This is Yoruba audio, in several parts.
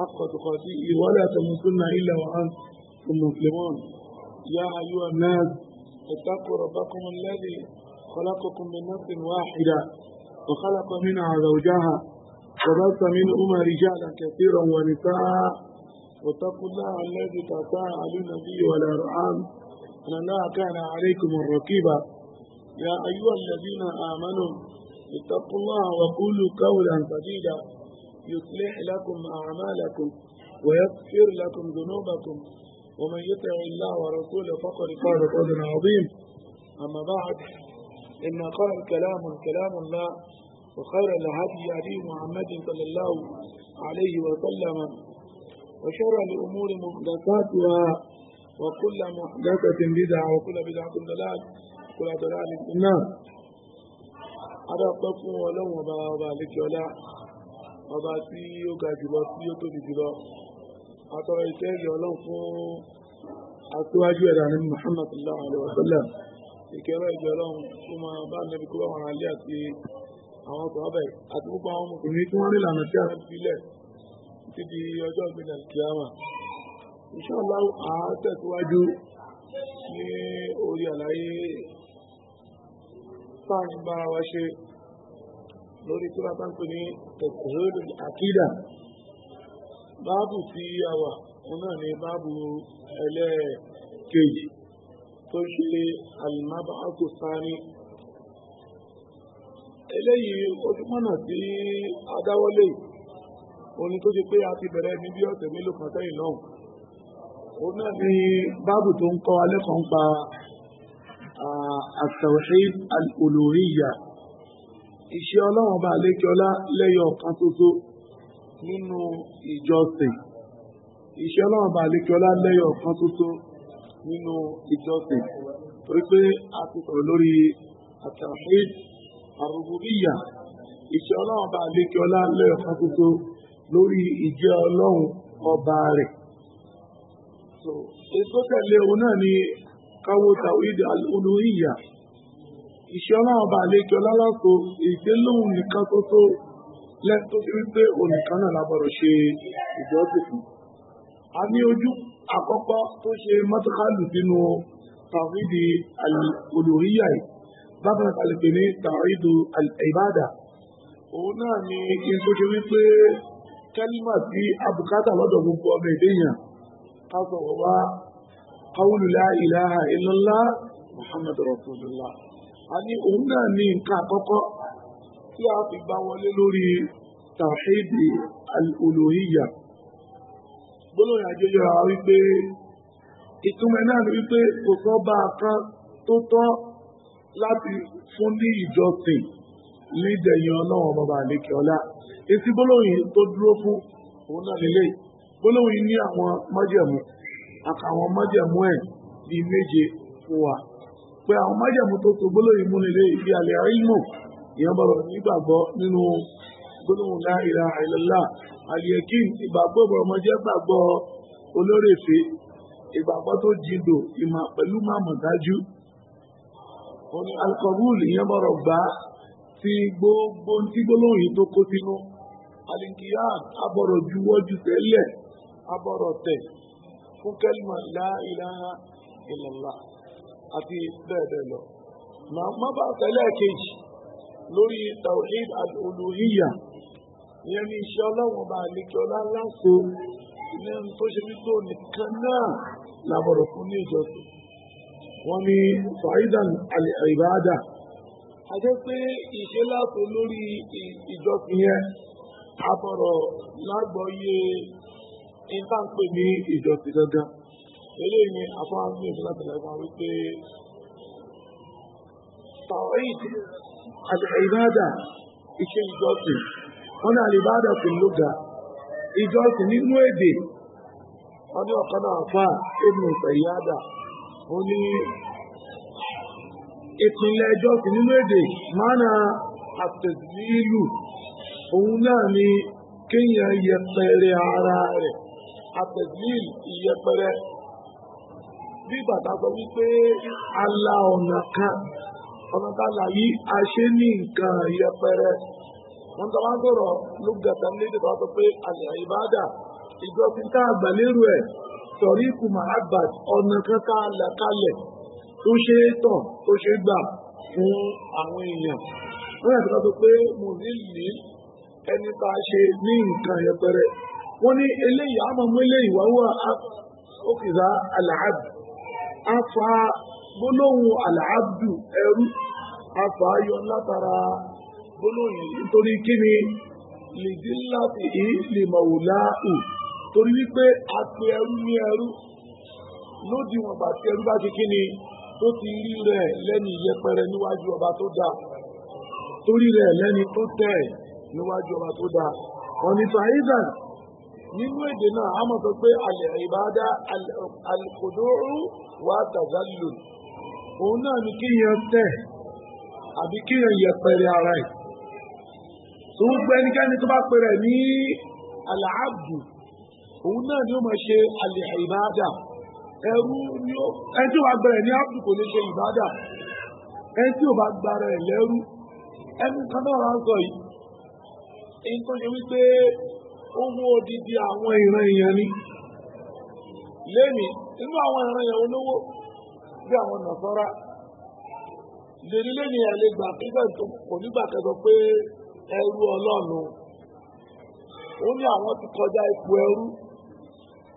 حق تقاتيه ولا تموتن إلا وأنتم مسلمون يا أيها الناس اتقوا ربكم الذي خلقكم من نفس واحدة وخلق منها زوجها وبث منهما رجالا كثيرا ونساء واتقوا الله الذي تساءلون به والأرحام أن الله كان عليكم الركيبا يا أيها الذين آمنوا اتقوا الله وقولوا قولا سديدا يصلح لكم أعمالكم ويغفر لكم ذنوبكم ومن يطع الله ورسوله فقد قال فوزا عظيم أما بعد إن قال كلام كلام الله وخير الهدي هدي محمد صلى الله عليه وسلم وشر الأمور محدثاتها وكل محدثة بدعة وكل بدعة ضلال وكل ضلال في النار أرى ولو وبا وبا لك ولا ọba tí ó ga jùlọ tí ó tóbi jùlọ atọ́rọ iṣẹ́ ìrìn ọlọ́run fún aṣíwájú ẹ̀dà ní Muhammad sallallahu alaihi wasallam ìkẹrọ ìjọ ọlọ́run tó máa bá nẹbi kó bá wọn alẹ́ àti àwọn ọkọ̀ ọbẹ̀ àti gbogbo àwọn ọmọkùnrin tí wọ́n rí lànà tí a ń filẹ̀ títí di ọjọ́ ìgbìnà kìámà ìṣọ́lá àátẹ̀síwájú ní orí àlàyé sáà ń bára wa ṣe lórí tó bá bá ń pè ní tẹ̀síhóòlù àkídà báàbù tí a wà òun náà ni báàbù ẹlẹ́ẹ̀kejì tó ṣe àlùmábà àkùsáni eléyìí ojúmọ́nà tí adáwọlé òní tó ṣe pé a ti bẹ̀rẹ̀ ní bí ọ̀sẹ̀ mélòó kan sẹ́yìn náà òun náà ni báàbù tó ń kọ́ alẹ́kọ̀ọ́ ń pa àtàwọ̀ṣe al iṣẹ́ ọlọ́run ọba àlékiọlá lẹ́yọ ọ̀kan ṣoṣo nínú ìjọsìn iṣẹ́ ọlọ́run ọba àlékiọlá lẹ́yọ ọ̀kan ṣoṣo nínú ìjọsìn torí pé a ti sọ̀rọ̀ lórí àtàwíd àrùbùbíyà iṣẹ́ ọlọ́run ọba àlékiọlá lẹ́yọ ọ̀kan ṣoṣo lórí ìjẹ́ ọlọ́run ọba rẹ̀ ètò tẹ̀lé òun náà ni káwó tàwíd àlùlùyà iṣẹ́ ọlọ́run ọba àlejò ọlọ́lọ́kọ ìgbélóhùn nìkan tó tó lẹ́nu tó ti wípé onìkan náà lábọ̀rọ̀ ṣe ìgbọ́sìn fún. a ní ojú àkọ́kọ́ tó ṣe mọ́tòkálù sínú tàwídì olùríyà yìí bákan náà kàlẹ́ pé ní tàwídù ìbàdà òun náà ni kí n tó ṣe wípé kẹ́límà sí abùkátà lọ́dọ̀ gbogbo ọmọ ìdẹ́yàn ká sọ̀rọ̀ wá qawlu ilaha illallah muhammadu rasulullah a ní òun náà ní nǹkan àkọ́kọ́ tí a fi gbá wọlé lórí tàhídì al-uluhiyya gbólóyìn àjọyọ̀ ra wípé ìtumọ̀ náà ni wípé kò sọ bá a kan tó tọ́ láti fún ní ìjọsìn nídẹ̀yìn ọlọ́run ọmọba àlékè ọlá etí gbólóyìn tó dúró fún òun náà nílé gbólóyìn ní àwọn májẹ̀mú àkàwọn májẹ̀mú ẹ̀ bíi méje fún wa pé àwọn májẹ̀mú tó tó gbólóyìn mú nílé ìfi àlẹ́ ilmù ìyẹn bọ̀rọ̀ nígbàgbọ́ nínú gbólóhùn la ilaha illallah àlìyẹ̀kín ìgbàgbọ́ ìbọ̀rọ̀mọjẹ́ gbàgbọ́ olórèfé ìgbàgbọ́ tó jìndò ìmọ̀ pẹ̀lú màmọ̀ dájú wọn ni alkọ̀rúùl ìyẹn bọ̀rọ̀ gbá ti gbogbo tí gbólóhùn tó kó sínú àlìkìyà abọ̀rọ̀ juwọ́jú tẹ́lẹ̀ abọ̀rọ̀ tẹ̀ fún kẹ́lìmọ̀ la ilaha àti bẹ́ẹ̀ bẹ́ẹ̀ lọ. Màmá bá tẹ́lẹ̀ kejì lórí Tawhid al-Uluhiyya. Ìyẹn ni iṣẹ́ ọlọ́wọ́n bá àlejò ọlá láṣọ ilé ẹni tó ṣe wípé nìkan náà làbọ̀rọ̀ fún ní ìjọsìn. Wọ́n ní Fàídàn al-Ibada. A jẹ́ pé ìṣe láṣọ lórí ìjọsìn yẹn àbọ̀rọ̀ lágbọ́yé ìtànpè ní ìjọsìn gangan eléyìí ni àfọwọ́sí ètò láti lọ fún wípé tawhid al-ibada iṣẹ́ ìjọsìn wọn ní al-ibada fil lugha ìjọsìn nínú èdè wọn ní ọ̀kan náà fà ibn Sayyada wọn ní ìpínlẹ̀ ìjọsìn nínú èdè mánà àtẹ̀sílù òun náà ni kéèyàn yẹpẹrẹ ara rẹ̀ àtẹ̀sílù ìyẹpẹrẹ bí bàtà sọ wípé ala ọ̀nà kan ọ̀nà tààlà yìí a ṣe ní nǹkan yẹpẹrẹ wọn tó bá ń sọ̀rọ̀ ló gàtà lédè tó sọ pé àlẹ́ ìbádà ìjọsìn tá a gbàlérò ẹ̀ sọ̀rí kùmà àgbà ọ̀nà kan tá a là kalẹ̀ tó ṣe é tàn tó ṣe gbà fún àwọn èèyàn wọ́n yàtọ̀ sọ pé mo ní lè ẹni tá a ṣe ní nǹkan yẹpẹrẹ wọ́n ní eléyìí àmọ́ mú eléyìí wá wà á ó kìlá afa gbólóhùn àlàábdù ẹrú afa ayọ látara gbólóhùn nítorí kíni lìdíláti yìí lè mọ̀wòláhù torí wípé a pe ẹrú ní ẹrú lódiwọ̀n gbà ti ẹrú bá tó ti rí rẹ̀ yẹpẹrẹ níwájú ọba tó dáa torí tó tẹ̀ níwájú ọba tó nínú èdè náà a máa sọ pé alẹ́ ìbáadá alkodoro wà tàzálò òun náà ni kíyàn tẹ̀ àbí kíyàn yẹpẹrẹ ara ẹ̀ tó ń gbé ẹnikẹ́ni tó bá pẹ̀rẹ̀ ní alàábù òun náà ni ó máa ṣe alẹ́ ìbáadá ẹrú ni ó ẹni tí ó bá gbẹ̀rẹ̀ ní ábù kò lè ṣe ìbáadá ẹni tí ó bá gbàrà lẹ́rú ẹnu kan náà wá ń sọ yìí èyí tó ṣe wípé ohun odidi àwọn ìran èèyàn ni lẹ́nì inú àwọn ìran èèyàn olówó bí àwọn nàfọ́rá lèrí lẹ́nì ẹ̀ lè gbà pípẹ́ nígbà kẹsọ pé ẹrú ọlọ́run ó ní àwọn ti kọjá ipò ẹrú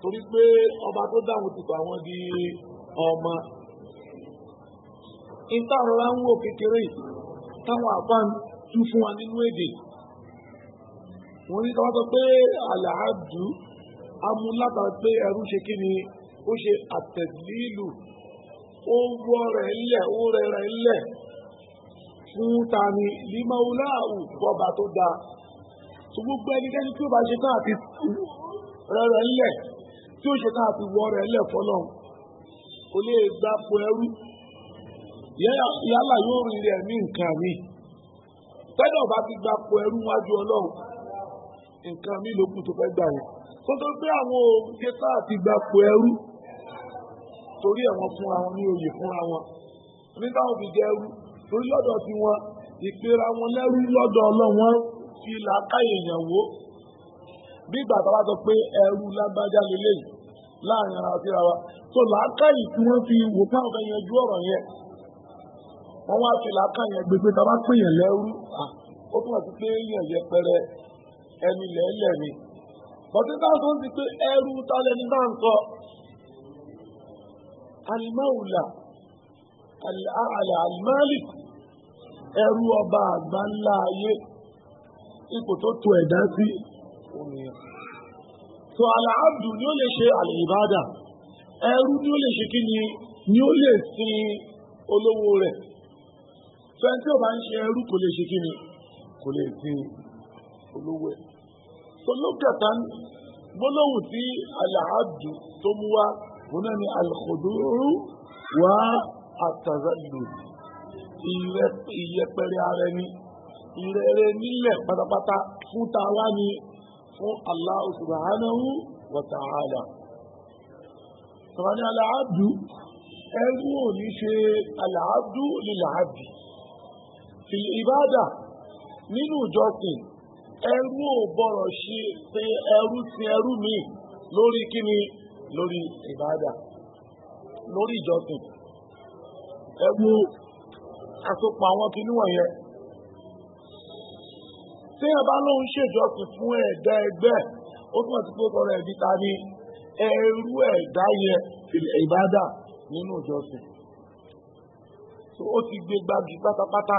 torí pé ọba tó dáhùn ti di ọmọ ń wò kékeré táwọn àbá ń tú fún wa nínú èdè wọ́n ní káwá sọ pé àlàádù amúlábàá pé ẹrú ṣe kí ni ó ṣe àtẹ̀lílù ó wọ́ rẹ̀ ńlẹ̀ ó rẹ̀ rẹ̀ ńlẹ̀ fún tani limaulawu bọ́ba tó dáa ṣùgbọ́n gbogbo ẹnikẹ́ni tí ó bá ṣe tán àti rẹ̀ rẹ̀ ńlẹ̀ tí ó ṣe tán àti wọ́ rẹ̀ ńlẹ̀ fọ́nà kò lè gbà po ẹrú yálà yóò rí rẹ̀ ní nǹkan mi tẹ́lẹ̀ ọba ti gbà po ẹrú wájú ọlọ́run nǹkan mi ló kù tó fẹ́ gbà yẹn tó tó pé àwọn òkè tá àti gbapò ẹrú torí ẹ̀wọ̀n fúnra wọn ní oyè fúnra wọn nígbà wọn fi jẹ ẹrú torí lọ́dọ̀ tí wọn ìpera wọn lẹ́rú lọ́dọ̀ ọlọ́wọ́n fi làákàyè yẹn wò bí ìgbà tó bá sọ pé ẹrú lágbájá lélẹ́yìí láàrin ara síra wa tó làákàyè tí wọ́n fi wò káwọn fẹ́ yanjú ọ̀rọ̀ yẹn wọ́n wá fi làákàyè gbégbé tá bá pè yẹn lẹ́rú ó túmọ̀ sí pé yẹn yẹpẹrẹ ẹni lẹ́lẹ̀ ni bọ̀dé táwọn ń ti pé ẹrú tálẹ́ni náà ń sọ alimawula alaala alimalik ẹrú ọba àgbà ńlá ayé ipò tó tó ẹ̀dá sí òmìnira so alaabdu ni ó lè ṣe alìbádà ẹrú ni ó lè ṣe kí ni ni ó lè sin olówó rẹ̀ fẹ́ntí ọba ń ṣe ẹrú kò lè ṣe kí ni kò lè sin olówó ẹ̀. tọ́lọ́kẹta gbólóhùn tí alàádù tó mú wá òun náà ni alùkòdúró wá àtàzàlù ìyẹpẹrẹ ara ẹni ìrẹ̀rẹ̀ nílẹ̀ pátápátá fún tààlà ni fún Allah subhanahu wa ta'ala. Sọ̀rọ̀ ni alàádù ẹrú ò ní ṣe alàádù lílàádì. Ìbádà nínú ìjọsìn ẹrú ò bọ̀rọ̀ ṣe pé ẹrú sin ẹrú mi lórí kíni lórí ìbádà lórí ìjọsìn ẹwú àsopọ̀ àwọn kìíní wọ̀nyẹn tí ẹ bá lóun ṣèjọsìn fún ẹ̀dá ẹgbẹ́ ó túmọ̀ sí pé ọ̀rọ̀ ẹ̀bí ta ni ẹrú ẹ̀dá yẹn ìbádà nínú ìjọsìn ó ti gbé gbági pátápátá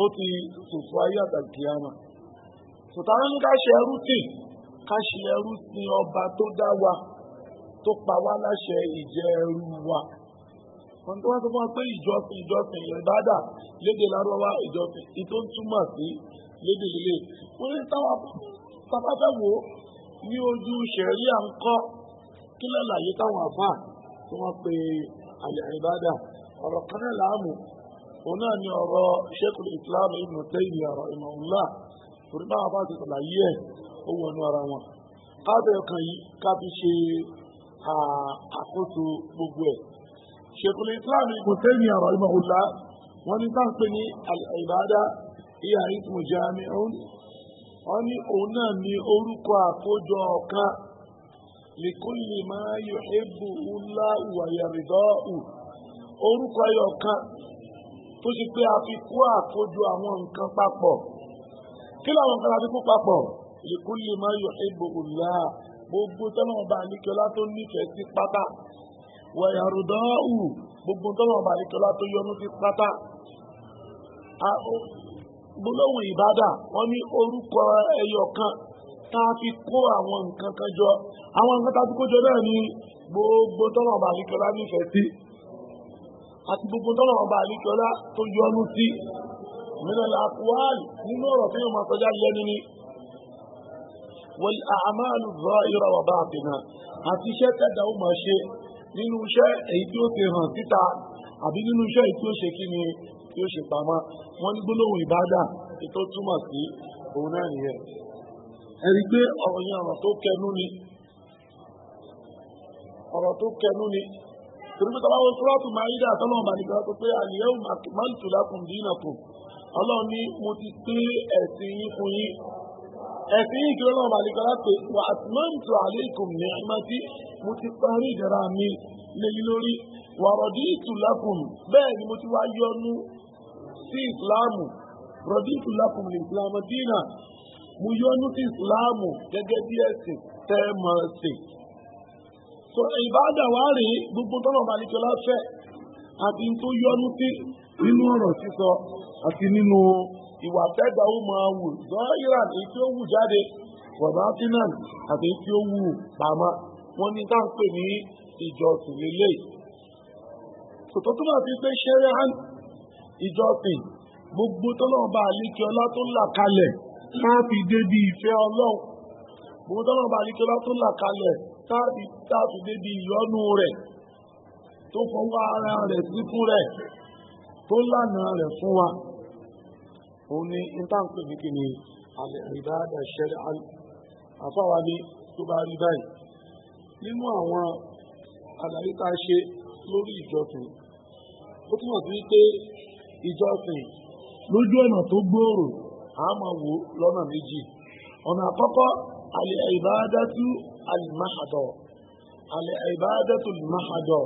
ó ti sòfò ayé àtàkìyàmà sòtara ní ká ṣe ẹrú tì ká ṣe ẹrú sin ọba tó dá wa tó pa wá láṣẹ ìjẹ ẹrú wa wọn tó wá sọ fún wa pé ìjọsìn ìjọsìn ìbádà lédè lárúbáwá ìjọsìn ìtò ń túmọ̀ sí lédè líle wọn ní táwa pápátá wo ní ojú ṣẹ̀rí à ń kọ́ kí lálàyé táwọn àfà tí wọ́n pe àlẹ́ ìbádà ọ̀rọ̀ kan náà láàmú ona ni ọ̀rọ̀ sheikul islam ibn taymiya rahimahullah torí náà bá ti ṣàlàyé ẹ̀ ó wọnú ara wọn kábẹ̀ ọkàn yìí kábí ṣe àkóso gbogbo ẹ̀ sheikul islam ibn taymiya rahimahullah wọ́n ní bá ń pè ní al-ibada ìyá ismu jami'un wọ́n ní òun náà ní orúkọ àkójọ ọ̀kan likulli ma yuhibbu orúkọ ayọ̀ kan tó ṣe pé a fi kó àkójọ àwọn nǹkan papọ̀ kí làwọn nǹkan a fi kó papọ̀ ìkú lè máa yọ ìbò òlà gbogbo tọ́lọ́wọ́n bá àníkẹ́lá tó nífẹ̀ẹ́ sí pátá wọ̀yà rùdọ́ọ̀hù gbogbo tọ́lọ́wọ́n bá àníkẹ́lá tó yọnu sí pátá gbólóhùn ìbádà wọ́n ní orúkọ ẹyọ kan tá a fi kó àwọn nǹkan kan jọ àwọn nǹkan tá a fi kó jọ náà ní gbogbo tọ́lọ́wọ́n bá àníkẹ́lá nífẹ̀ẹ́ sí àti gbogbo tọ́lọ̀ ọba àlíkọ́lá tó yọnu sí mìíràn àkúwàlì nínú ọ̀rọ̀ tí yóò máa sọjá yẹni ni wọ́n àmàlù rọ ìrọ̀ ọba àfihàn àti iṣẹ́ tẹ́dà ó máa ṣe nínú iṣẹ́ èyí tí ó ti hàn síta àbí nínú iṣẹ́ èyí tí ó ṣe kí ni tí ó ṣe pamọ́ wọ́n ní gbólóhùn ìbádà tó túmọ̀ sí òun náà nìyẹn ẹ̀rí pé ọ̀rọ̀ yẹn ọ̀rọ̀ tó kẹnu ni ọ̀rọ̀ tó kẹnu ni torí pé tọ́lá wo sọ́ọ̀tù máa yí dà tọ́lọ́ ọ̀bà nìkan tó pé àlìyẹ́wò máàlùtù lákùn dín nà kù ọlọ́run ní mo ti pé ẹ̀sìn yín fún yín ẹ̀sìn yín kí ọlọ́run ọ̀bà nìkan lápè wà àtìmọ́ǹtù àlékún ní àmọ́tí mo ti parí ìdára mi léyìn lórí wà rọ̀díìtù lákùn bẹ́ẹ̀ ni mo ti wá yọnu sí ìsìláàmù rọ̀díìtù lákùn ní ìsìláàmù dínà mo yọnu sí ìsìláàmù gẹ́gẹ́ bí ẹ̀sìn tẹ́ mọ̀ ẹ̀sìn so ìbáàdà wa rè é gbogbo tọ́lọ̀ bá ní kíọ́lá fẹ́ àti tó yọnu sí nínú ọ̀rọ̀ sísọ àti nínú ìwà tẹ́gbà ó máa wù zọ́ọ́yìrán èyí tí ó wù jáde wọ̀bátínan àti èyí tí ó wù pamọ́ wọn ní tá à ń pè ní ìjọsìn lélẹ̀ sòtò tó bá ti pé ṣẹ́rẹ́ hàn ìjọsìn gbogbo tọ́lọ̀ bá ní kíọ́lá tó là kalẹ̀ máa fi débi ìfẹ́ ọlọ́run gbogbo tọ́lọ̀ bá ní kíọ́lá tó là kalẹ̀ táàbí táàbí débi ìyọ́nú rẹ̀ tó fọwọ́ ara rẹ̀ síkún rẹ̀ tó lànà rẹ̀ fún wa òun ni ìtànkù ní kìíní alẹ́ ìbáàdà ṣẹlẹ̀ àfáwa ní tó bá rí báyìí nínú àwọn àlàyé tá a ṣe lórí ìjọsìn ó túmọ̀ sí pé ìjọsìn lójú ọ̀nà tó gbòòrò àmọ́ wò lọ́nà méjì ọ̀nà àkọ́kọ́ alẹ́ ìbáàdà tún al-mahadọ̀ al-ibadatu al-mahadọ̀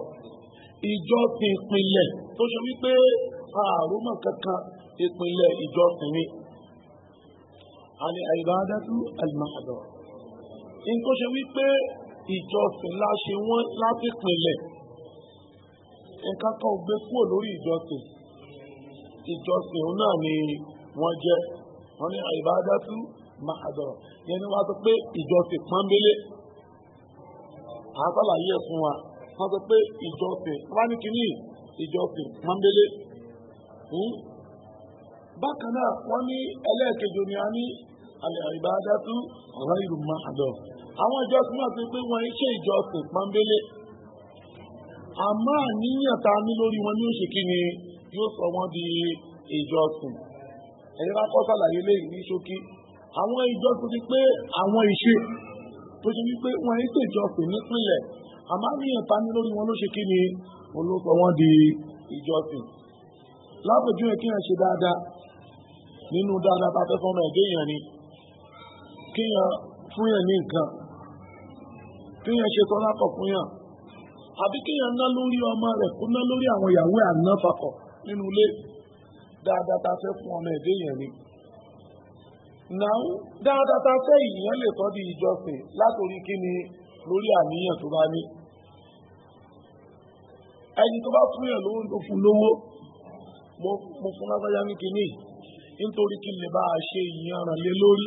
ìjọ ti ìpínlẹ̀ tó ṣe wípé àrùmọ̀ kankan ìpínlẹ̀ ìjọ sinmi al-ibadatu al-mahadọ̀ in tó ṣe wípé ìjọ sin láṣe wọ́n láti ìpínlẹ̀ nǹkan kan ò gbé kúrò lórí ìjọ sin ìjọ sin òun náà ni wọ́n jẹ́ wọ́n ní al-ibadatu yẹn ni wọ́n sọ pé ìjọ sin pọ́nbélé àtàlàyé ẹ̀ fún wa wọ́n sọ pé ìjọsìn wọ́n ní kínní ìjọsìn pọ́nbélé. Hmm? bákan náà wọ́n ní ẹlẹ́ẹ̀kejì ni a ní alẹ́ àìbáadátu ọ̀rọ̀ ìlú mahadum. àwọn ìjọsìn náà ti pé wọ́n ṣe ìjọsìn pọ́nbélé. àmọ́ àníyàn tá a ní lórí wọn ní oṣù kínní yóò sọ wọ́n di ìjọsìn. ẹ̀yẹ́ bá kọ́ sàlàyé lẹ́yìn ní ṣókí. àwọn ìjọsìn ti pé àwọn ìṣe tó ṣe wípé wọn ètò ìjọsìn nípìnlẹ̀ àmọ́ àníyàn tani lórí wọn ló ṣe kí ni olóko wọn di ìjọsìn lápèjúwe kí yẹn ṣe dáadáa nínú dáadáa bá fẹ́ fọmọ ẹ̀dẹ́ yẹn ni kí yẹn fún yẹn ní nǹkan kí yẹn ṣe tọ́lá pọ̀ fún yẹn àbí kí yẹn ná lórí ọmọ rẹ̀ kó ná lórí àwọn ìyàwó àná papọ̀ nínú ilé dáadáa bá fẹ́ fún ọmọ ẹ̀dẹ́ yẹn ni náà dáadáa ta fẹ́ ìyẹn lè tọ́ di ìjọsìn látòrí kí ni lórí àníyàn tó bá ní ẹni tó bá fún yàn lówó tó fún lówó mo fún lágbájá ní kinní nítorí kí n lè bá a ṣe ìyẹn ràn lé lórí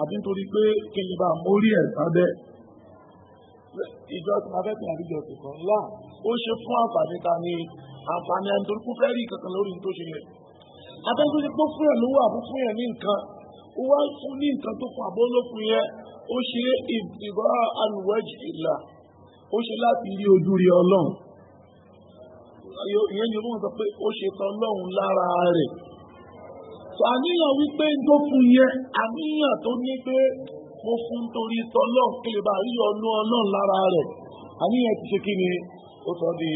àbí nítorí pé kí n lè bá a mórí ẹ̀ sábẹ́ ìjọsìn afẹ́fẹ́ àbí ìjọsìn kan láà ó ṣe fún àǹfààní ta ni àǹfààní ẹni tó kú fẹ́ rí kankan lórí tó ṣe yẹn abẹ́ńtò tó fún yàn lówó àbú fún yàn ní nǹkan ó wá fún ní nǹkan tó fún àbó ló fún yẹn ó ṣe ìbá alùwẹ́jì ìlà ó ṣe láti rí ojú rí ọlọ́run ìyẹn ni wọ́n sọ pé ó ṣe tán ọlọ́run lára rẹ̀ àníyàn wípé tó fún yẹn àníyàn tó ní pé mo fún torí tọlọ́run kí lè bá rí ọlú ọlọ́run lára rẹ̀ àníyàn ti ṣe kí ni ó sọ di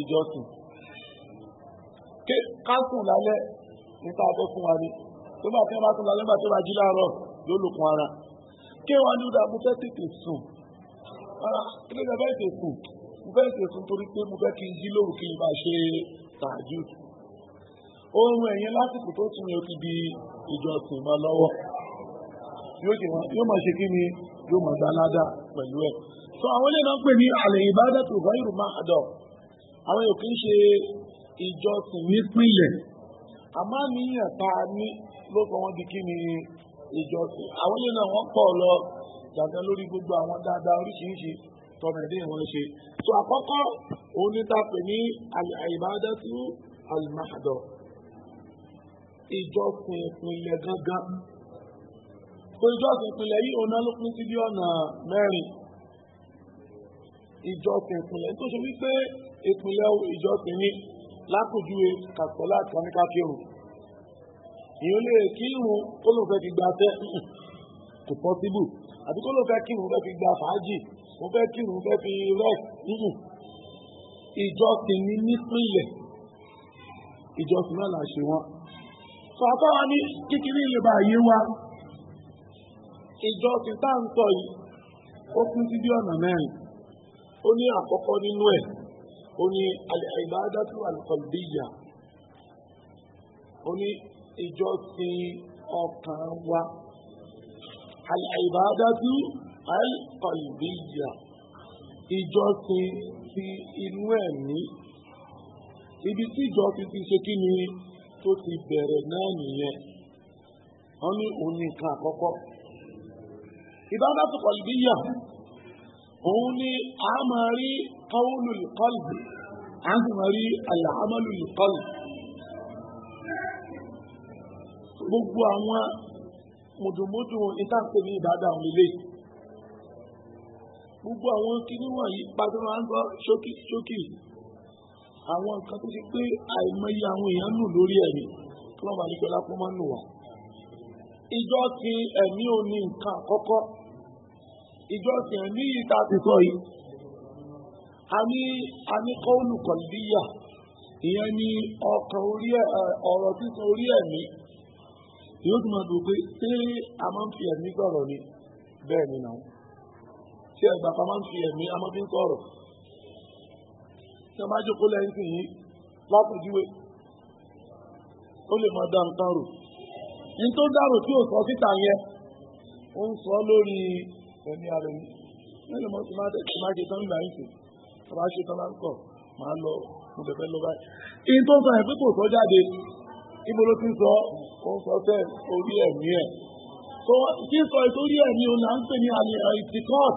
ìjọsìn. ká sùn lálẹ́ nípa abẹ́ fún wa ni tó bá fẹ́ máa tún lọ lẹ́gbàá tó bá jí láàárọ̀ ló lòkun ara kí wọn ní ọdún abúfẹ́ tètè sùn kí ló dàbẹ́ tètè sùn mo fẹ́ tètè sùn torí pé mo fẹ́ kí n jí lóru kí n bá ṣe tààjú oorun ẹ̀yìn lásìkò tó tún yóò fi di ìjọsìn mọ́ lọ́wọ́ yóò máa ṣe kí ni yóò máa dá ládàá pẹ̀lú ẹ̀ so àwọn ilé náà pè ní àlẹ́ ìbádàtò ghayru máa dọ̀ àwọn yòókì ń ṣe ìjọsìn nípìnlẹ̀ àmọ́ níyàn tá a ní ló sọ wọ́n di kí ni ìjọsìn àwọn ilé náà wọ́n pọ̀ lọ jàǹdà lórí gbogbo àwọn dáadáa oríṣiríṣi tọmọ ẹ̀dẹ́ wọn ṣe tó àkọ́kọ́ òun ní ta ní al-ibadatu al-mahdo ìjọsìn ìpínlẹ̀ gangan tó ìjọsìn ìpínlẹ̀ yìí òun náà ló pín sí bí ọ̀nà mẹ́rin ìjọsìn ìpínlẹ̀ tó wípé ìpínlẹ̀ ìjọsìn ni lápòjúwe kàkọ́lá kaníká kírun èèyàn lè kírun tó ló fẹ́ fi gba tẹ́ kò pọ́síbù àbí tó ló fẹ́ kírun fẹ́ fi gba fàájì mo fẹ́ kírun fẹ́ fi rẹ̀ ìjọsìn ní nípìnlẹ̀ ìjọsìn náà là ṣe wọn fàtọ́ wa ní kíkiri lè bá yé wa ìjọsìn tá à ń sọ yìí ó kún sí bí ọ̀nà mẹ́rin ó ní àkọ́kọ́ nínú ẹ̀ ó ní al-ibadatu al-qalbiyya ó ní ìjọsìn ọkàn wa al-ibadatu al-qalbiyya ìjọsìn ti inú ẹ̀mí ibi tí ìjọsìn ti ṣe kí ni tó ti bẹ̀rẹ̀ náà nìyẹn wọ́n ní òun nìkan àkọ́kọ́ ibadatu qalbiyya. òun ni a máa rí kọ́wùlù kọ́lù a sì gbogbo àwọn mùdùmúdù ìtàkùn ní ìbádà ilé gbogbo àwọn kíní wọ̀nyí pàtó máa ń Awọn àwọn nǹkan tó ti pé àìmọye àwọn èèyàn nù lórí ẹ̀mí kí wọ́n bá ní ti ẹ̀mí ò ní nǹkan àkọ́kọ́ ìjọsìn ẹ̀mí yìí tá a ti sọ yìí a ní a ní kọ́ọ̀lù kọ̀lìyà ìyẹn ní ọkàn orí ẹ ọ̀rọ̀ sísọ orí ẹ̀mí yóò tún máa dùn pé ṣé a máa ń fi ẹ̀mí sọ̀rọ̀ ni bẹ́ẹ̀ ni náà ṣé ẹgbà kan máa ń fi ẹ̀mí a máa fi ń sọ̀rọ̀ ṣé máa jókòó lẹ́yìn sí yìí lápèjúwe ó lè máa dá nǹkan rò ní tó dárò tí ò sọ síta yẹn ó ń sọ lórí ẹ̀mí ara ẹni lẹ́nu mọ́ tí máa ṣe tán nígbà yìí sí ọba ṣe tán láńkọ̀ máa lọ mo bẹ̀bẹ̀ lọ báyìí. ìyẹn tó ń sọ yẹn pé kò sọ jáde ibo ló ti ń sọ ó ń sọ sẹ́ orí ẹ̀mí ẹ̀ tó ti ń sọ ìtòrí ẹ̀mí òun náà ń pè ní àmì ìtìkọ́t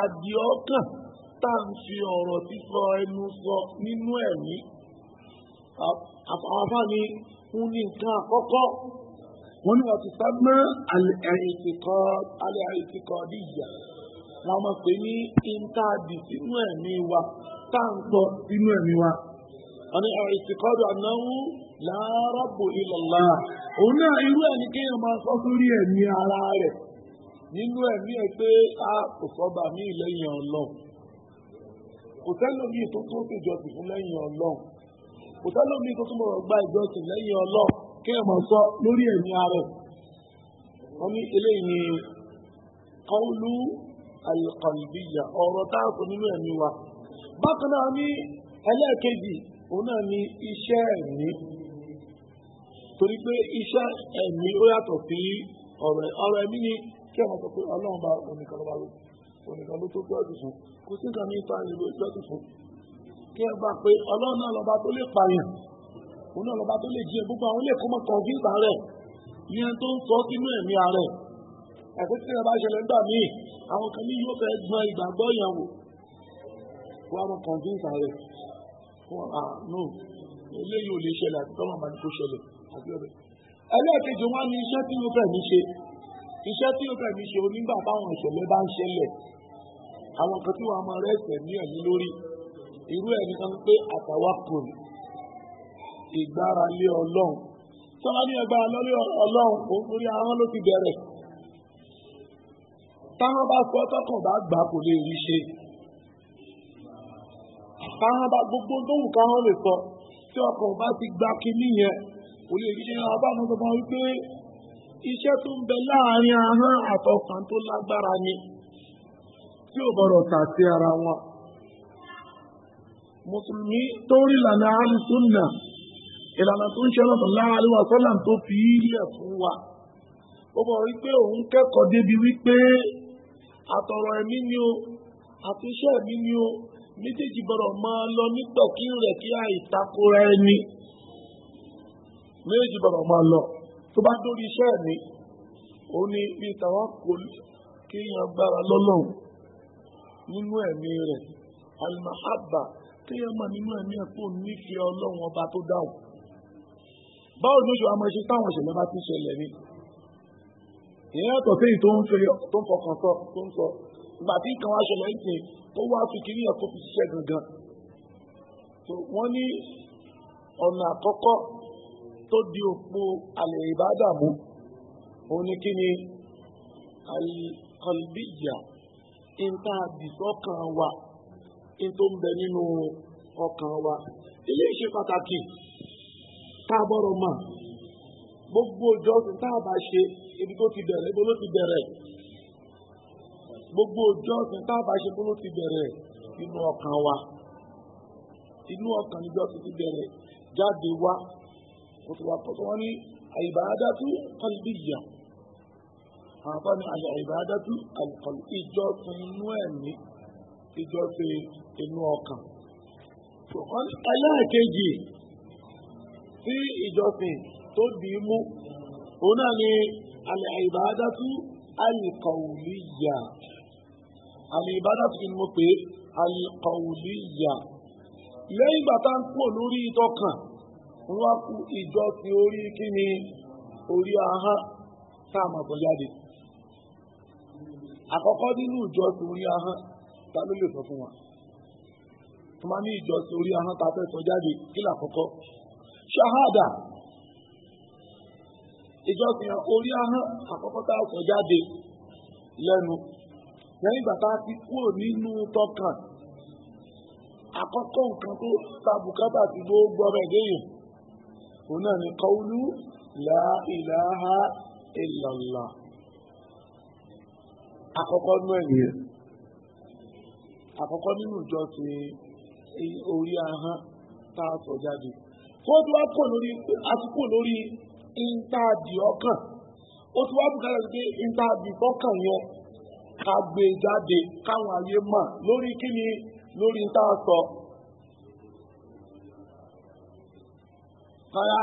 àdìọ́kàn tá à ń fi ọ̀rọ̀ sísọ ẹnu sọ nínú ẹ̀mí àwọn afáàní ń ní nǹkan àkọ́kọ́ wọ́n ní wọ́n ti sá mọ́ alẹ́ àìsíkọ́ọ́dì máa ní intaadi sínú ẹ̀mí wa táǹkọ́ sínú ẹ̀mí wa wọ́n ni àìsíkọ́ọ́dì ànáwó láàárọ̀bù ìlọ̀lá òun náà irú ní kéèyàn máa sọ sórí ẹ̀mí ara rẹ̀ nínú ẹ̀mí ẹ̀ pé a kò sọ́ba ní ìlẹ́yìn ọlọ́run kò sẹ́lómi kí ọmọ sọ lórí ẹ̀mí ààrẹ wọ́n ní eléyìí ni kọlu alìkọ̀lìbíyà ọ̀rọ̀ táàkù nínú ẹ̀mí wa bákan náà ní ẹlẹ́ẹ̀kejì òun náà ní iṣẹ́ ẹ̀mí torí pé iṣẹ́ ẹ̀mí ó yàtọ̀ sí ọ̀rọ̀ ẹ̀mí ni kí sọ pé ọlọ́run bá onìkan ló bá lò onìkan ló tó tó fún kò sí òun náà lọ́ba tó lè jí ẹ gbogbo àwọn ilé ìkọ́mọ kan fún ìgbà rẹ̀ ìyẹn tó ń sọ sínú ẹ̀mí rẹ̀ ẹ̀kọ́ tí ìrẹ̀bá ṣẹlẹ̀ nígbà míì àwọn kan ní yóò fẹ́ gbọ́n ìgbàgbọ́ yẹn wò kó àwọn kan fún ìgbà rẹ̀ fún à ah, no eléyìí ò lè ṣẹlẹ̀ àti tọ́lọ̀ máa ní kó ṣẹlẹ̀ àti ọ̀rẹ́ ẹlẹ́ẹ̀kejì wọn ni iṣẹ́ tí yóò fẹ́ mi ṣe iṣẹ́ tí yóò fẹ́ mi ṣe onígbà táwọn ìṣẹ̀lẹ̀ bá ń ṣẹlẹ̀ àwọn kan tí wọ́n máa rẹ̀ ẹ̀sẹ̀ ní ẹ̀yìn lórí irú ìgbára lé ọlọ́run tọ́lá ní ẹgbàá lórí ọlọ́run orí ahọ́n ló ti bẹ̀rẹ̀ táwọn bá sọ tọkàn bá gbà kò lè rí ṣe táwọn bá gbogbo tóun káwọn lè sọ tí ọkàn bá ti gbà kínní yẹn kò lè rí ṣe náà bá wọn sọ wípé iṣẹ́ tó ń bẹ láàrin ahọ́n àtọkàn tó lágbára ni tí ò gbọdọ̀ tà sí ara wọn mùsùlùmí tó rí lànà àlùsùn náà. ìlànà tó ń ṣe ọlọ́sọ̀ láàrin wa tó fi fún wa ó bọ̀ wípé òun kẹ́kọ̀ọ́ débi wípé àtọ̀rọ̀ ẹ̀mí ni o àfiṣẹ́ ẹ̀mí ni o méjèèjì gbọ́dọ̀ máa lọ rẹ̀ kí ẹni méjèèjì gbọ́dọ̀ máa lọ tó bá dórí iṣẹ́ ẹ̀mí ní bí kò kéèyàn gbára nínú ẹ̀mí rẹ̀ alimahaba kéèyàn máa nínú ẹ̀mí ẹ̀ kó nífẹ̀ẹ́ ọba tó dáhùn. báwo ni oṣù àmọ́ ṣe táwọn ìṣẹ̀lẹ̀ bá ti ṣẹlẹ̀ ni ìyẹn yàtọ̀ sí tó ń fẹ́ tó ń fọkàn sọ tó ń sọ ìgbà tí kan wá ṣẹlẹ̀ ń sìn tó wá fi kiri yàn tó fi ṣiṣẹ́ gangan tó wọ́n ní ọ̀nà àkọ́kọ́ tó di òpó àlè ìbádàmú òun ni kí ni alikọlbíyà àdìsọ́kàn wa ní nínú ọkàn wa ilé ìṣe pàtàkì tá a bọ̀rọ̀ mọ̀ gbogbo ìjọsìn tá a bá ṣe ibi tó ti bẹ̀rẹ̀ ibo ló ti bẹ̀rẹ̀ gbogbo ìjọsìn tá a bá ṣe ibo ló ti bẹ̀rẹ̀ inú ọkàn wa inú ọkàn ìjọsìn ti bẹ̀rẹ̀ jáde wá kò tó wá tọ́tọ́ wọn ní àìbáadátú kọlbíyà àwọn ní àìbáadátú kọlbí ìjọsìn inú ẹ̀mí ìjọsìn inú ọkàn. ẹlẹ́ẹ̀kejì tí ìjọsìn tó dì í mú òun náà ni al-ibadatu al-qawliyya al-ibadatu ni mo pè é al-qawliyya lẹ́yìn ìgbà tá à ń pò lórí ìtọ́kàn wọ́n kú ìjọsìn orí kíni orí ahọ́n tá a máa bọ̀ jáde àkọ́kọ́ nínú ìjọsìn orí ahọ́n ta ló lè sọ fún wa tó máa ní ìjọsìn orí ahọ́n ta fẹ́ sọ jáde kí làkọ́kọ́ ṣahada ìjọsìn orí ahọ́n àkọ́kọ́ tá a sọ jáde lẹ́nu lẹ́yìn ìgbà tá a ti kúrò nínú tọkàn àkọ́kọ́ nǹkan tó tàbùkátà ti gbogbo ọmọ ẹ̀dẹ́yìn òun náà ni kọ́ọ̀lù la ilaha illallah àkọ́kọ́ nínú ẹ̀yìn àkọ́kọ́ nínú ìjọsìn orí ahọ́n tá a sọ jáde. o ti wá kò lórí àsìkò lórí intaadi ọkàn ó ti wá bùkátà sí pé ọkàn yẹn ká gbé jáde káwọn ayé mọ̀ lórí kíni lórí intaasọ. Kọ́lá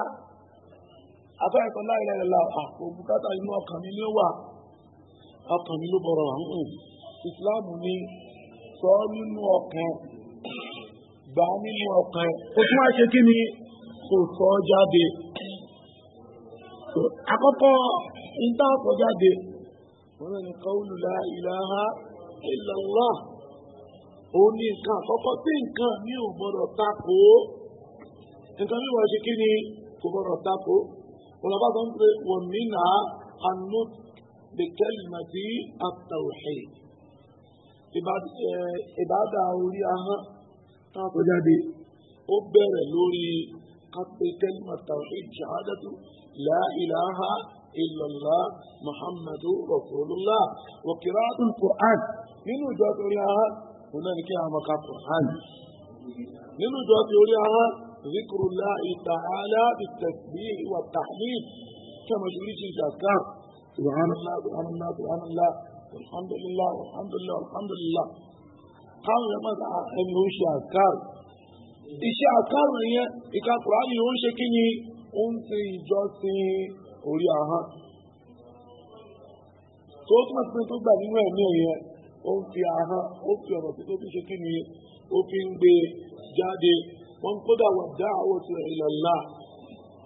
afẹ́ẹ̀kọ́ láìláìlá àpò inú ọkàn mi ló wà ọkàn mi ni sọ nínú ọkàn gbà nínú ọkàn wá ṣe kò sọ ọ́ jáde. Àkọ́kọ́ ìta sọ jáde, wọ́n ní qawlu la ilaha illallah. Òun ni nǹkan àkọ́kọ́ tí nǹkan mi ò gbọ́dọ̀ takò ó. Nǹkan mi wọ́n ṣe kí ni kò gbọ́dọ̀ takò ó. Wọ́n lọ́ba sọ pé wọ́n mí nà á nù bi kalimati at-tawhid. Eh, ìbádà orí ahọ́n tá a sọ jáde, ó bẹ̀rẹ̀ lórí حق كلمة توحيد شهادة لا إله إلا الله محمد رسول الله وقراءة القرآن من وجهة أوليها هناك عمق القرآن من وجهة أوليها ذكر الله تعالى بالتسبيح والتحميد كما شريك الأذكار سبحان الله سبحان الله سبحان الله والحمد لله والحمد لله والحمد لله قال لما أنه أذكار iṣẹ́ àkárò yẹn ìka kùránì ó ń ṣe kí ni ó ń ti ìjọsìn orí ahọ́n tó túmọ̀ sí tó gbà nínú ẹ̀mí ẹ̀yẹ ó ń fi ahọ́n ó fi ọ̀rọ̀ sí tó fi ṣe kí ni ó fi ń gbé jáde wọn kódà dá àwọn oṣù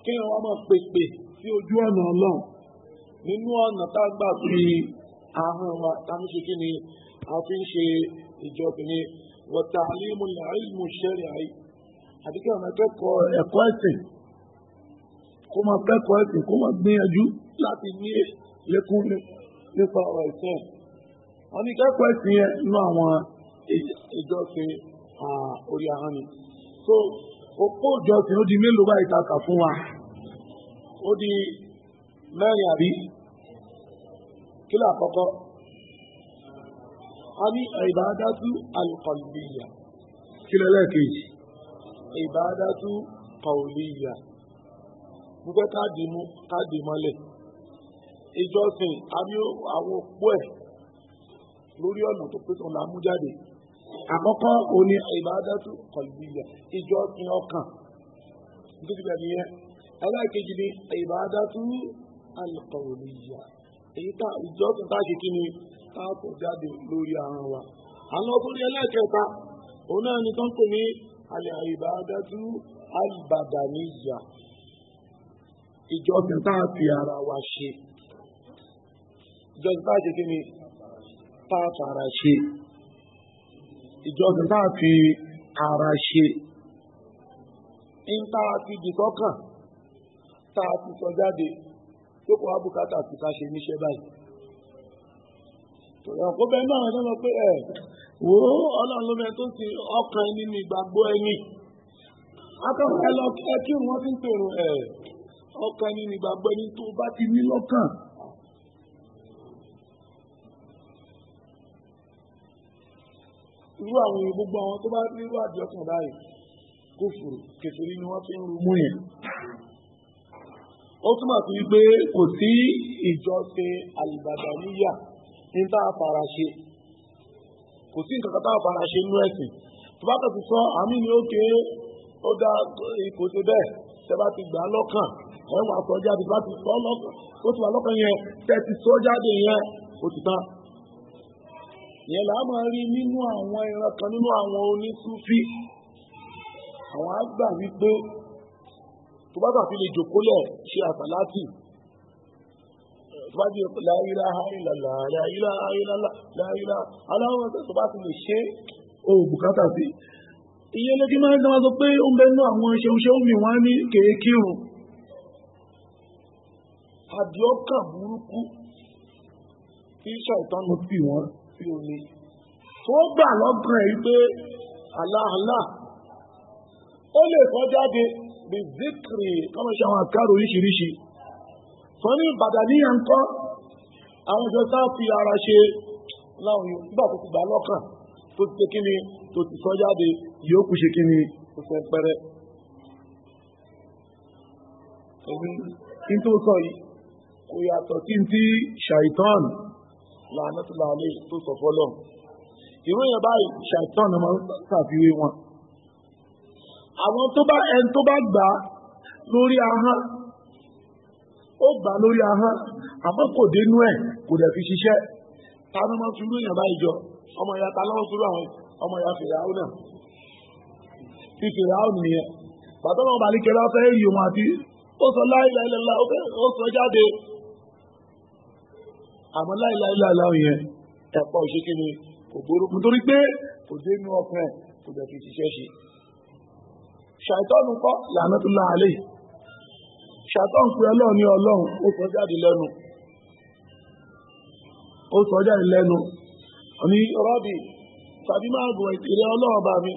kí wọn máa sí ojú ọ̀nà ọlọ́run nínú ọ̀nà tá a gbà fi ahọ́n àti kí ọmọ akẹ́kọ̀ọ́ ẹ̀kọ́ ẹ̀sìn kó máa kẹ́kọ̀ọ́ ẹ̀sìn kó máa gbìyànjú láti ní lékún nípa ọ̀rọ̀ ìsìn wọn ní kẹ́kọ̀ọ́ ẹ̀sìn yẹn nínú àwọn ìjọsìn orí ahọ́n ni so òpó ìjọsìn ó di mélòó báyìí takà fún wa ó di mẹ́rin àbí kílà àkọ́kọ́ a ní ìbádátù alqalbiyya kílẹ̀ lẹ́ẹ̀kejì ìbádátú kọ̀ọ̀lìyà mo fẹ́ káàdì mú káàdì mọ́lẹ̀ ìjọsìn àbí àwọn òpó ẹ̀ lórí ọ̀nà tó pé tó la mú jáde àkọ́kọ́ òní ìbádátú kọ̀ọ̀lìyà ìjọsìn ọkàn nítorí bẹ́ẹ̀ nìyẹn ẹlẹ́ẹ̀kejì ni ìbádátú alkọ̀ọ̀lìyà èyí tá ìjọsìn tá a ṣe kí ni tá a kò jáde lórí ara wa àwọn ọkùnrin ẹlẹ́ẹ̀kẹta òun náà ni tó ń pè ní alibadatu albadaniya ìjọsìn tá a fi ara wa ṣe ìjọsìn tá a ṣe kí ni tá a fara fi ara ṣe ń tá a fi tá a fi sọ jáde tó kọ́ abúkátà ká ṣe níṣẹ́ báyìí wo ọlọ́run ló bẹ tó ti ọkàn ẹni ní ìgbàgbọ́ ẹni akọ́kọ́ lọ kí wọ́n ti ń pèrò ẹ̀ ọkàn ẹni ní ìgbàgbọ́ ẹni tó bá ti ní lọ́kàn. irú àwọn gbogbo àwọn tó bá nírú àjọkàn báyìí kò fòrò kẹfìrí ni wọ́n fi ń ru mú yẹn. ó túmọ̀ sí pé kò sí ìjọsìn àlùbàdàn níyà ní tá a fara ṣe. kò sí nǹkan kan tá a fara ṣe nínú ẹ̀sìn tó bá kàn ti sọ àmì ni ó ké ó dá ipò ṣe bẹ́ẹ̀ tẹ́ bá ti gbà á lọ́kàn ẹ̀ wà sọ jáde bá ti sọ lọ́kàn ó ti wà lọ́kàn yẹn tẹ́ ti sọ jáde yẹn ó ti tán. yẹn là á máa rí nínú àwọn ìran kan nínú àwọn onísúfí àwọn àgbà wípé tó bá bàbí lè jòkó lẹ̀ ṣe àtàlátì tó bá jẹ́ la ilaha illallah la ilaha illallah la ilaha aláwọ̀ tó bá ti lè ṣe o bùkátà sí. ìyẹn lókè máa ń dáná sọ pé ó ń bẹ nú àwọn ṣeun ṣeun mi wọ́n á ní kéékìrùn. àdìọ́kàn burúkú iṣẹ́ ìtọ́nu bí wọ́n fi omi. ó gbà lọ́gàn ẹ̀ pé aláàlá ó lè kọ́ jáde bí zikiri kọ́mọ̀ṣẹ́ àwọn àkàrò oríṣiríṣi wọ́n ní bàdàníyà ń kọ́ àwọn ìjọ sáà fi ara ṣe láwọn yòókù gbà tó ti gbà lọ́kàn tó ti ṣe kí ni tó ti sọ jáde yòókù ṣe kí ni tó fẹ́ pẹ́rẹ́. Nítorí sọ yìí kò yàtọ̀ sí ti ṣàìtàn lànà tó làálẹ̀ tó sọ fọ́lọ́. Ìwé yẹn báyìí ṣàìtàn ni wọ́n ṣàfiwé wọn. Àwọn tó bá ẹni tó bá gbà lórí ahọ́n ó gbà lórí ahọ́n àmọ́ kò dénú ẹ̀ kò dẹ̀ fi ṣiṣẹ́ ta ló máa fi lóyìn àbá ìjọ ọmọ ìyá ta lọ́wọ́ sórí àwọn ọmọ ìyá fèrèáwò náà ti fèrèáwò nìyẹn bàtà náà balẹ̀ la fẹ́ rí wọn àti ó sọ láìláìláìlá ó sọ jáde àmọ́ láìláìláìlá yẹn ẹ̀pọ̀ òṣèkéde kò gbóró nítorí pé kò dénú ọkùnrin kò dẹ̀ fi ṣiṣẹ́ ṣe ṣàìtọ́nù kọ́ làánà tó yìí ṣàtọ́n pé ọlọ́run ní ọlọ́run ó sọ jáde lẹ́nu ó sọ jáde lẹ́nu ní rọ́bì tàbí máa gùn ìkìlẹ̀ ọlọ́run bá mi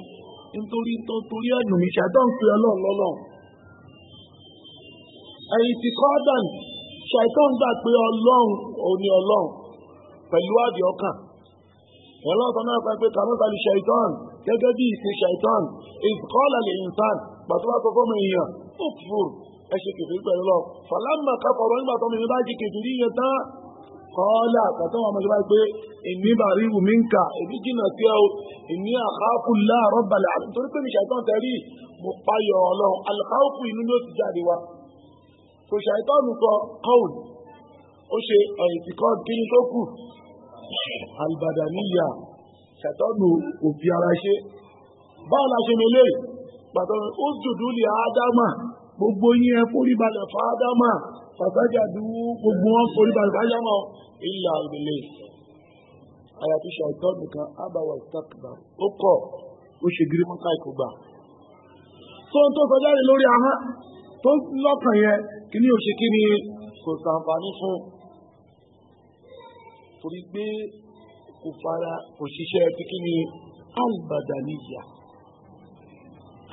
nítorí torí ẹ̀nù mi ṣàtọ́n pé ọlọ́run lọ́lọ́run ẹ̀yìn ti kọ́ dàn ṣàtọ́n gbà pé ọlọ́run ò ní ọlọ́run pẹ̀lú àdì ọkàn ọlọ́run tó náà pẹ́ pé kàmọ́ta lè ṣàìtọ́n gẹ́gẹ́ bí ìṣe ṣàìtọ́n ìkọ́lẹ̀ lè ń sàn pàtó ẹ ṣe kẹfìrí pẹ̀lú lọ fọlámà kẹfọ̀rọ̀ nígbà tó mi bá ṣe kẹfìrí yẹn tán kọ́ọ́lá àtàtà wọn ọmọdé báyìí pé èmi bá rí wù mí ń kà èmi jìnnà sí ọ èmi àkáàkù láàárọ̀ balẹ̀ àti torí pé mi ṣàìtàn tẹ̀rí mo payọ̀ ọlọ́run alùkáàkù inú ló ti jáde wa kò ṣàìtàn nìkọ kọ́ùn ó ṣe ẹ̀ẹ́dìkọ́ kíni tó kù albadaniya ṣàìtàn òbí ara ṣe báwo la ṣe lè lè pàtó ó dùdú lè ádámà gbogbo yín ẹ forí balẹ̀ fún ádámà fàtàjà dúró gbogbo wọn forí balẹ̀ fún ádámà ìlà ìbílẹ̀ àyàtú ṣàìtọ́ nìkan ábàwọ̀ ìtàkùnà ó kọ̀ ó ṣe gírí mọ́ká ìkùgbà tó ń tó sọjá rẹ̀ lórí ahọ́n tó lọ́kàn yẹn kí ni òṣè kí ni kò sàǹfààní fún torí pé kò fara kò ṣiṣẹ́ ti kí ni àlùbàdàníyà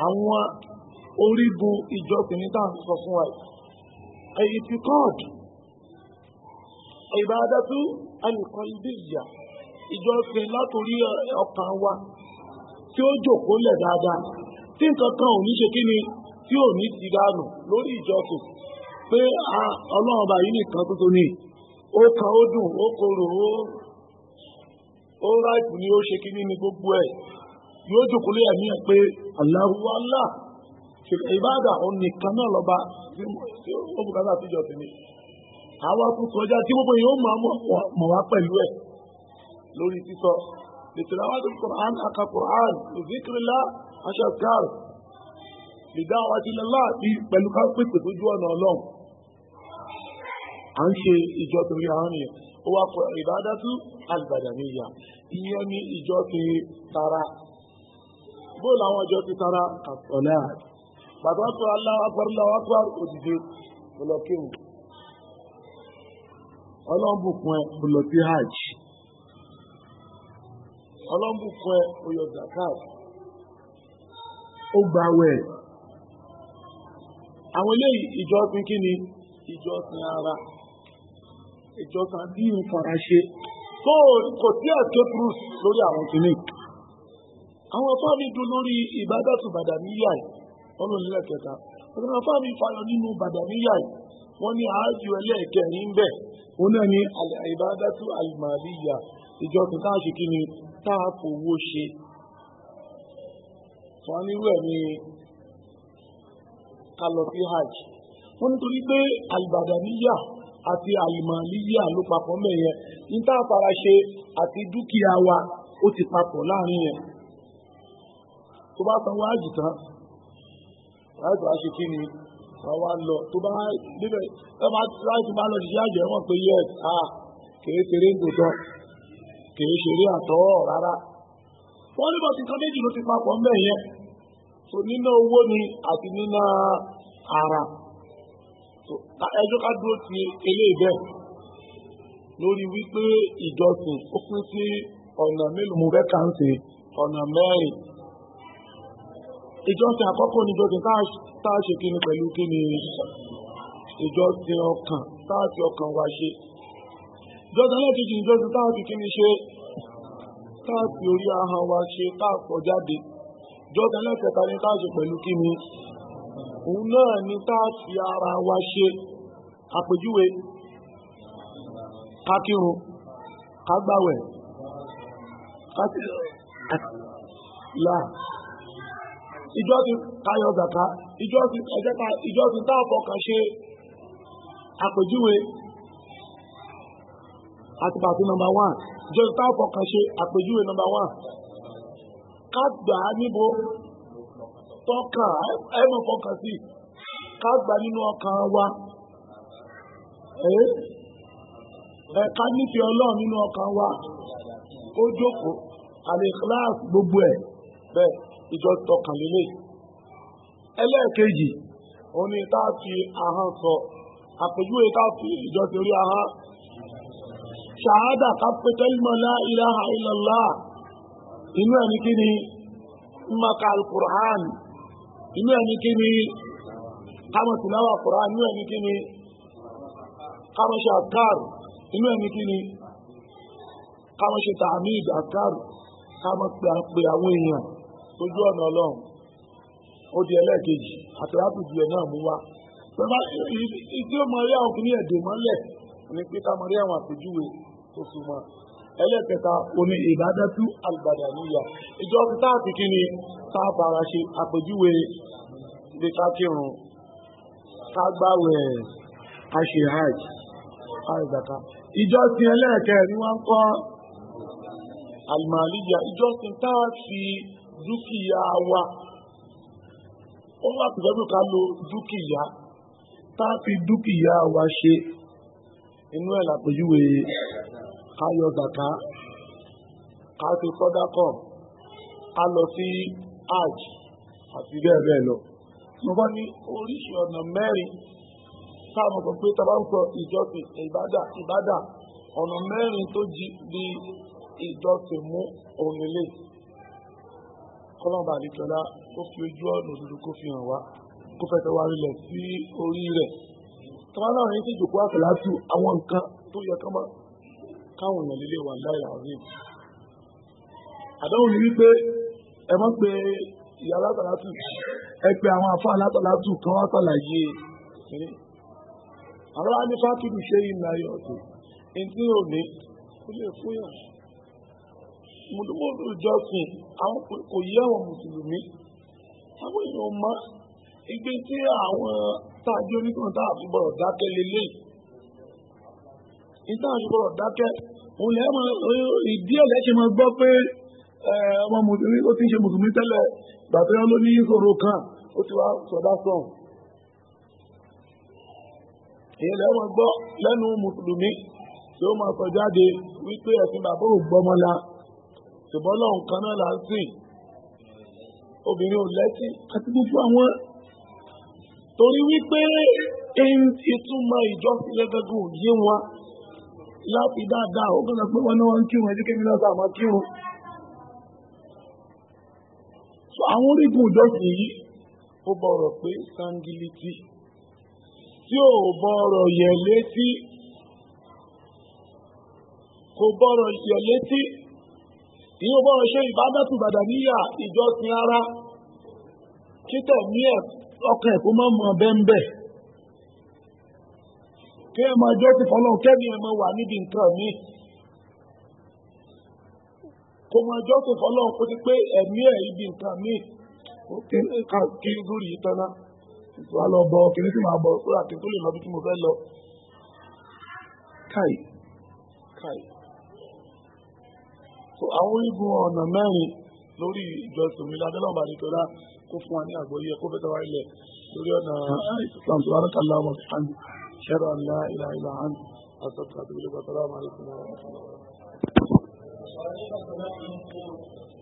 àwọn orígun ìjọsìn ní táà ń sọ fún wa èyí ti kọ́ọ̀dù ìbádátú alqalbiyya ìjọsìn látòrí ọkàn wa tí ó jòkó lẹ̀ dáadáa tí nǹkan kan ò ní ṣe kí ni tí ò ní ti dànù lórí ìjọsìn pé ọlọ́run ọba yìí nìkan tuntun ni ó kan ó dùn ó korò ó ó ráìpù ni ó ṣe kí ni gbogbo ẹ̀ yóò jòkó lẹ̀ pé Allahu Allah ìbáàdà òun nìkan náà lọ́ba tí ó bùkátà síjọ sí ni àwa tún kọjá tí gbogbo yìí ó máa mọ̀ wá pẹ̀lú ẹ̀ lórí sísọ lìtìláwájú kùrán aka kùrán ìzíkìrìlá aṣàkàr ìdáwà tilẹ̀lá àti pẹ̀lú ká pèsè lójú ọ̀nà ọlọ́run à ń ṣe ìjọ torí àárín yẹn ó wá kọ ìbádátú àlùbàdàníyà ìyẹn ní ìjọ ti tara bóòlù àwọn ìjọ ti tara kàtọ́lẹ́ àti bàbá sọ aláwọ̀ akọrọlá wà kọ́ òdìdí ọlọ́kíwù ọlọ́mbùkún ẹ olọ́tí hajj ọlọ́mbùkún ẹ oyọ zakat ó gba awẹ́ àwọn eléyìí ìjọsìn kí ni ìjọsìn ara ìjọsìn bí nǹkan ṣe tó kò sí àtẹ́kùrù lórí àwọn kìnnì àwọn fáwọn mi dùn lórí ìbádàtúbàdà níyà yìí ọlọ́nilẹ́kẹta ọ̀sán afá mi fayọ nínú bàdàníyà yìí wọ́n ní àájú ẹlẹ́ẹ̀kẹrin bẹ́ẹ̀ ó náà ní àìbádátú àlùmàlíyà ìjọsìn tá a ṣe kí ni tá a fowó ṣe. wọ́n nírú ẹ̀ ní kálọ̀tì hajj wọ́n nítorí pé àlùbàdàníyà àti àlùmàlíyà ló papọ̀ mẹ́yẹ ní tá a fara ṣe àti dúkìá wa ó ti papọ̀ láàrin yẹn tó bá sanwó hajj láìpẹ́ wá ṣe kí ni wọ́n wá lọ tó bá níbẹ̀ láìpẹ́ bá lọ ṣiṣẹ́ àjẹ́ wọn pé yẹ à kèé ṣeré ń gbòtọ́ kèé ṣeré àtọ́ rárá wọ́n ní bọ̀tí kan méjì ló ti papọ̀ ń bẹ̀ yẹn tó níná owó ni àti níná ara ẹjọ́ ká dúró ti eléyìí bẹ́ẹ̀ lórí wípé ìjọsìn ó pín sí ọ̀nà mélòó mo fẹ́ kà ń ṣe ọ̀nà mẹ́rin ìjọsìn àkọ́kọ́ ni ìjọsìn tá a ṣe kíni pẹ̀lú kíni ìjọsìn ọkàn tá a fi ọkàn wa ṣe ìjọsìn ẹlẹ́kejì ìjọsìn tá a fi kíni ṣe tá a fi orí ahọ́n wa ṣe tá a pọ̀ jáde ìjọsìn ẹlẹ́kẹta ni tá a ṣe pẹ̀lú kíni òun náà ni tá a fi ara wa ṣe àpèjúwe kákírun kágbàwẹ̀ kákírun láà ìjọsìn káyọ̀ zàká ìjọsìn ẹ̀jẹ̀ká ìjọsìn táàbọ̀ kan ṣe àpèjúwe àti pàtó nọmba wán ìjọsìn táàbọ̀ kan ṣe àpèjúwe nọmba wán ká gbà á níbo tọ́kàn ẹ̀mọ̀ fọkàn sí ká gbà nínú ọkàn wa ẹ̀ka nífẹ̀ẹ́ ọlọ́run nínú ọkàn wa ó jókòó àlè kíláàsì gbogbo ẹ̀ bẹ́ẹ̀. ìjọ tọkànlélẹ̀ ẹlẹ́ẹ̀kejì òun ni tá a fi sọ àpèjúwe a fi ìjọ torí ahọ́n ṣàhádà ká pé kẹ́límọ̀ lá ilaha inú ẹni kí ni mmaka alukur'an inú ẹni kí ni kama kur'an inú ẹni kí ni inú ẹni kí ni tààmì sójú ọ̀nà ọlọ́run ó di ẹlẹ́ẹ̀kejì àtẹ̀wájú di ẹ̀ náà mú wá. bàbá ìdí ó máa rí àwọn kìíní ẹ̀dè mọ́lẹ̀ ní pé ká máa rí àwọn àpèjúwe tó fi mọ́ ẹlẹ́ẹ̀kẹta omi ìbádẹ́tú àgbàdà níyà ìjọ ti tá àti kí ni tá ṣe àpèjúwe bí ká kírun ká gbáwẹ̀ àṣẹ hajj àìgbàká ìjọ ti ẹlẹ́ẹ̀kẹ́ ni wọ́n ń kọ́ àlùmọ̀lìyà ìjọ ti tá a dúkìá wa ó wà pẹ̀lú ká lo dúkìá tá a fi dúkìá wa ṣe inú ẹ̀ làpèjúwe ká yọ zàká ká fi kọ́dákọ̀ ká lọ sí hajj àti bẹ́ẹ̀ bẹ́ẹ̀ lọ. mo bá ní oríṣi ọ̀nà mẹ́rin táwọn kan pé tá a bá ń sọ ìjọsìn ìbádà ìbádà ọ̀nà mẹ́rin tó di ìjọsìn mú òun nílé kọ́lọ́mbà àdékọ́lá kó fi ojú ọ̀nà òdodo kó fi hàn wá kó fẹ́ tẹ́wá rí lẹ̀ sí orí rẹ̀. tọ́wá náà ní sí ìjòkó àfẹ́látù àwọn nǹkan tó yẹ kán káwọn èèyàn lélẹ̀ wà láìlà rí. àdéhùn ni wípé ẹ mọ́ pé ìyá látàlátù ẹ pé àwọn afá látàlátù kan wá sàlàyé àwọn anífàtúndù ṣe ìlànà ọ̀tọ̀ ètí òní ó lè fún yàn mùdúmọ̀dù ìjọsìn àwọn kò yí àwọn mùsùlùmí àwọn èèyàn mọ igbe tí àwọn táàjú oníkan tá àfi gbọ́dọ̀ dákẹ́ lélẹ̀ níta àfi gbọ́dọ̀ dákẹ́ òun lẹ máa ìdí ẹ̀ lẹ́sẹ̀ máa gbọ́ pé ọmọ mùsùlùmí ó ti ń ṣe mùsùlùmí tẹ́lẹ̀ gbàtẹ́ ló ní ìṣòro kan ó ti wá sọ̀dá sàn èyí lẹ́ máa gbọ́ lẹ́nu mùsùlùmí tí ó máa sọ jáde wípé ẹ̀sìn bàbá ò gbọ́mọ́lá ṣùgbọ́n náà nǹkan náà là ń sìn obìnrin ò lẹ́sìn àti gbogbo àwọn torí wípé ìtumọ̀ ìjọsìn lẹ́gbẹ̀gbẹ̀ ò yé wọn láti dáadáa ó gbọ́dọ̀ pé wọn náà wọ́n ń kírun ẹjú kí mílíọ̀nù àwọn kírun àwọn orígun ìjọsìn yìí ó bọ̀rọ̀ pé sangiliti tí ò bọ̀rọ̀ yẹ̀ létí kò bọ̀rọ̀ yẹ̀ létí ìyẹn bọ́ ṣe ìbádàtù bàdàníyà ìjọsìn ara títẹ̀ ní ẹ̀ ọkàn ẹ̀kọ́ máa mọ bẹ́ńbẹ́ kí ẹ máa jọ́ ti fọlọ́n kẹ́mi ẹ máa wà níbi nǹkan mi kò máa jọ́ ti fọlọ́n kó ti pé ẹ̀mí ẹ̀ ibi nǹkan mi kí n gúrì yìí tán náà títí wàá lọ bọ kìnní tí màá bọ kúrò àti tó lè lọ bí tí mo fẹ́ lọ káì káì so àwọn orígun ọ̀nà mẹ́rin lórí ìjọsìn mi ládọ́lọ́mọ àdìgbọ́lá kó fún wa ní àgbọ́yé kó fẹ́ tẹ́wá ilẹ̀ lórí ọ̀nà islam tó wàrà kàlá ọmọ fìhàn ṣẹ́rọ àlá ìlà ìlà hàn àtọ́kùnrin àti ìlú